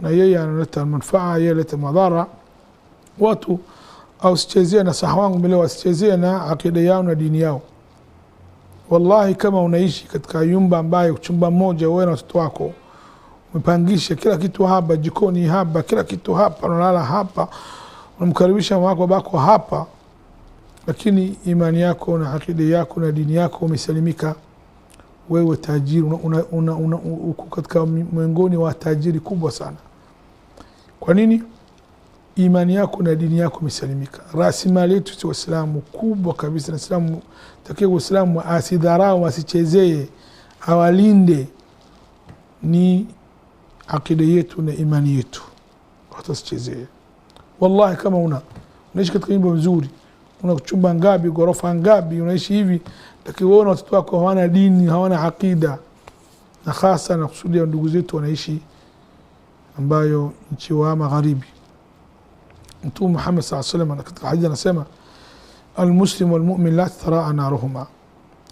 na yeye analeta manufaa, yeye aleta madhara. Watu ausichezie na saha wangu mbele, wasichezie na akida yao na dini yao. Wallahi, kama unaishi katika nyumba ambayo chumba moja wewe na watoto wako umepangisha kila kitu hapa, jikoni hapa, kila kitu hapa, unalala hapa, unamkaribisha mamako babako hapa, lakini imani yako na akida yako na dini yako umesalimika wewe tajiri una, una, una, una, uko katika miongoni wa tajiri kubwa sana. Kwa nini? Imani yako na dini yako imesalimika. Rasilimali yetu si Waislamu, kubwa kabisa. Naislamu takiwa Waislamu asidharau, asichezee, awalinde. Ni akida yetu na imani yetu, watasichezee. Wallahi, kama una unaishi katika nyumba nzuri, una chumba ngapi, ghorofa ngapi, unaishi hivi, lakini wewe na watoto wako hawana dini, hawana akida, na hasa nakusudia ndugu zetu wanaishi ambayo nchi wa magharibi mtume muhammad saa salam katika hadithi anasema almuslimu walmumin la taraa naruhuma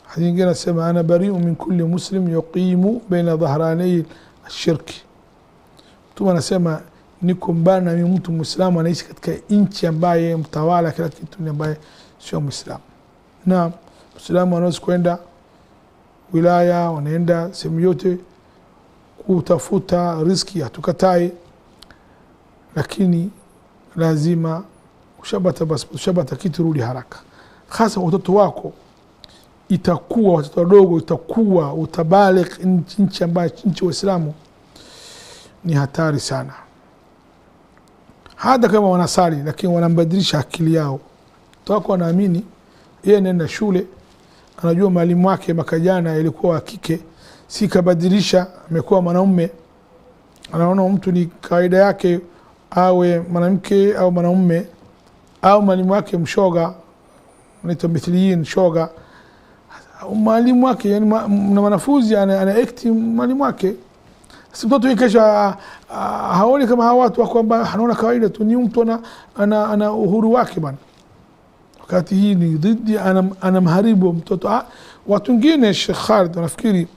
hadithi nyingine anasema ana bariu min kulli muslim yuqimu baina dhahranei shirki mtume anasema niko mbali na mimi mtu mwislamu anaishi katika nchi ambaye mtawala kila kitu ni ambaye sio mwislamu na mwislamu anaweza kwenda wilaya wanaenda sehemu yote kutafuta riski hatukatai, lakini lazima ushabata, basi ushabata kitu rudi haraka, hasa watoto wako itakuwa watoto wadogo, itakuwa utabalik nchi ambayo nchi Waislamu ni hatari sana, hata kama wanasali, lakini wanambadilisha akili yao. Watoto wako wanaamini yeye anaenda shule, anajua mwalimu wake makajana ilikuwa wa kike sikabadilisha amekuwa mwanaume, anaona mtu ni kawaida yake awe mwanamke au mwanaume, au mwalimu wake mshoga, anaitwa mithliin shoga, mwalimu wake yani, na mwanafunzi ana ekti mwalimu wake. Si mtoto kesho haoni kama hawa watu kwamba anaona kawaida tu, ni mtu ana, ana, ana uhuru wake bana wakati hii ni dhidi, anamharibu mtoto. Watu wengine Sheikh Khalid wanafikiri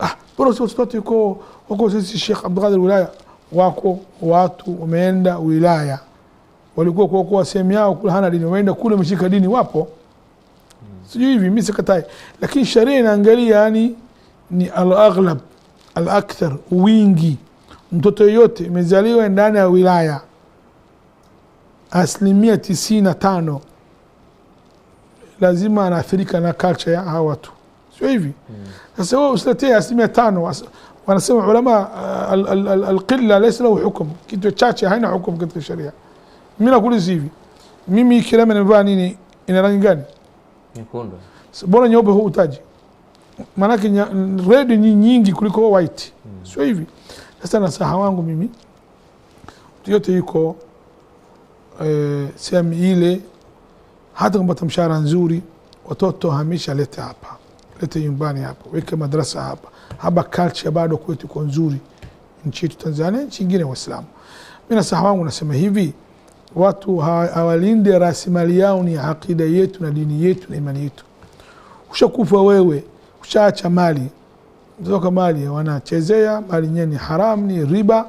ah, bora usipate ukoo wako. Sisi Sheikh Abdulqadir wilaya wako watu wameenda wilaya, walikuwa kuokoa sehemu yao kule, hana dini, wameenda kule wameshika dini, wapo sijui hivi, mimi sikatai, lakini sharia inaangalia yani ni alaghlab alakthar, wingi. Mtoto yoyote imezaliwa ndani ya wilaya asilimia tisini na tano lazima anaathirika na culture ya hawa watu sio hivi? Sasa wewe usiletee asilimia tano. Wanasema ulama uh, alqilla laysa lahu hukm, kitu chache haina hukumu katika sharia. Mimi nakuuliza hivi, mimi kilemba nimevaa nini, ina rangi gani? Nyekundu. Bora nyeupe huu utaji, maanake red ni nyingi kuliko white, hmm. sio hivi? Sasa nasaha wangu mimi, yote yuko e, sehemu ile, hata kama mshahara nzuri, watoto hamisha lete hapa lete nyumbani hapa, weke madrasa hapa. Haba culture bado kwetu iko nzuri, nchi yetu Tanzania, nchi ingine Waislamu. Mimi na saha wangu nasema hivi, watu hawalinde rasilimali yao, ni akida yetu na dini yetu na imani yetu. Ushakufa wewe, ushaacha mali zoka mali wanachezea mali yenyewe ni haramu, ni riba.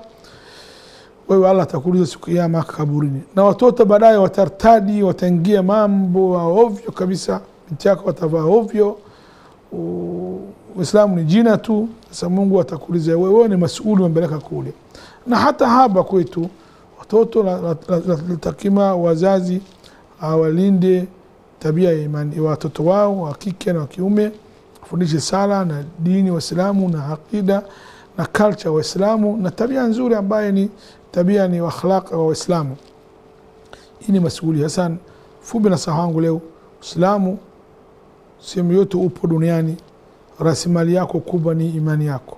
Wewe Allah atakuuliza siku kiyama kaburini, na watoto baadaye watartadi, wataingia mambo ovyo kabisa, binti yako watavaa ovyo Uislamu ni jina tu. Sasa Mungu atakuuliza wewe ni masuuli umepeleka kule, na hata hapa kwetu watoto natakima wazazi awalinde tabia ya imani watoto wao wa kike na wa kiume, wafundishe sala na dini Waislamu na aqida na culture Waislamu na tabia nzuri ambayo ni tabia ni akhlaq wa Waislamu. Hii ni masuuli. Sasa fupi na sahangu wangu leo Uislamu sehemu yote upo duniani, rasilimali yako kubwa ni imani yako,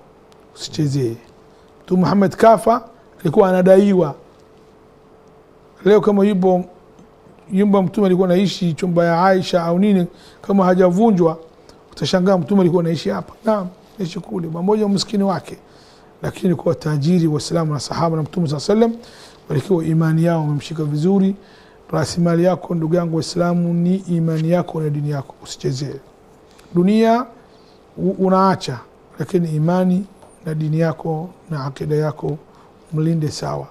usichezee. Mtume Muhammad kafa, alikuwa anadaiwa. Leo kama yupo nyumba mtume alikuwa naishi chumba ya Aisha au nini, kama hajavunjwa utashangaa, mtume alikuwa naishi hapa, naam, naishi kule, pamoja mskini wake, lakini kwa tajiri Waislamu na sahaba na mtume sallallahu salam walikiwa imani yao wamemshika vizuri. Rasilimali yako ndugu yangu Waislamu ni imani yako na dini yako, usichezee. Dunia unaacha, lakini imani na dini yako na akida yako mlinde sawa.